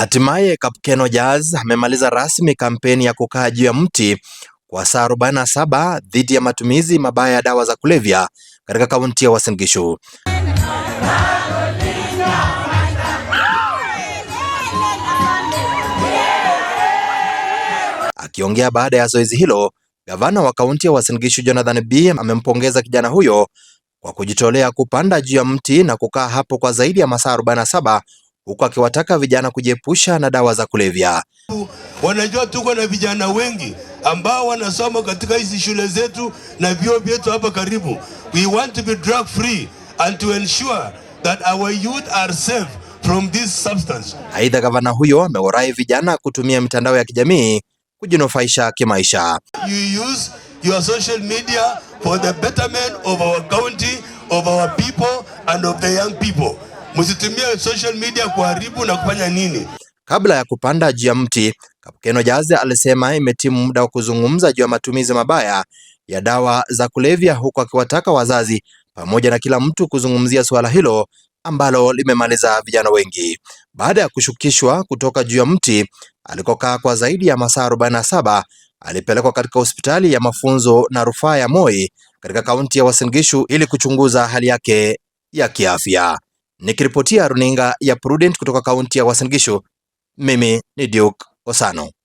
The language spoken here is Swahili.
Hatimaye Kapkeno Jazz amemaliza rasmi kampeni ya kukaa juu ya mti kwa saa 47 dhidi ya matumizi mabaya ya dawa za kulevya katika kaunti ya Uasin Gishu. Akiongea baada ya zoezi hilo, gavana wa kaunti ya Uasin Gishu Jonathan B amempongeza kijana huyo kwa kujitolea kupanda juu ya mti na kukaa hapo kwa zaidi ya masaa 47 huku akiwataka vijana kujiepusha na dawa za kulevya. Wanajua tuko na vijana wengi ambao wanasoma katika hizi shule zetu na vyuo vyetu hapa karibu. We want to be drug free and to ensure that our youth are safe from this substance. Aidha, gavana huyo amewarai vijana kutumia mitandao ya kijamii kujinufaisha kimaisha. You use your social media for the betterment of our county, of our people and of the young people msitumie social media kuharibu na kufanya nini. Kabla ya kupanda juu ya mti, Kapkeno Jaze alisema imetimu muda wa kuzungumza juu ya matumizi mabaya ya dawa za kulevya, huku akiwataka wazazi pamoja na kila mtu kuzungumzia suala hilo ambalo limemaliza vijana wengi. Baada ya kushukishwa kutoka juu ya mti alikokaa kwa zaidi ya masaa 47, alipelekwa katika hospitali ya mafunzo na rufaa ya Moi katika kaunti ya Uasin Gishu ili kuchunguza hali yake ya kiafya. Nikiripotia runinga ya Prudent kutoka kaunti ya Uasin Gishu, mimi ni Duke Osano.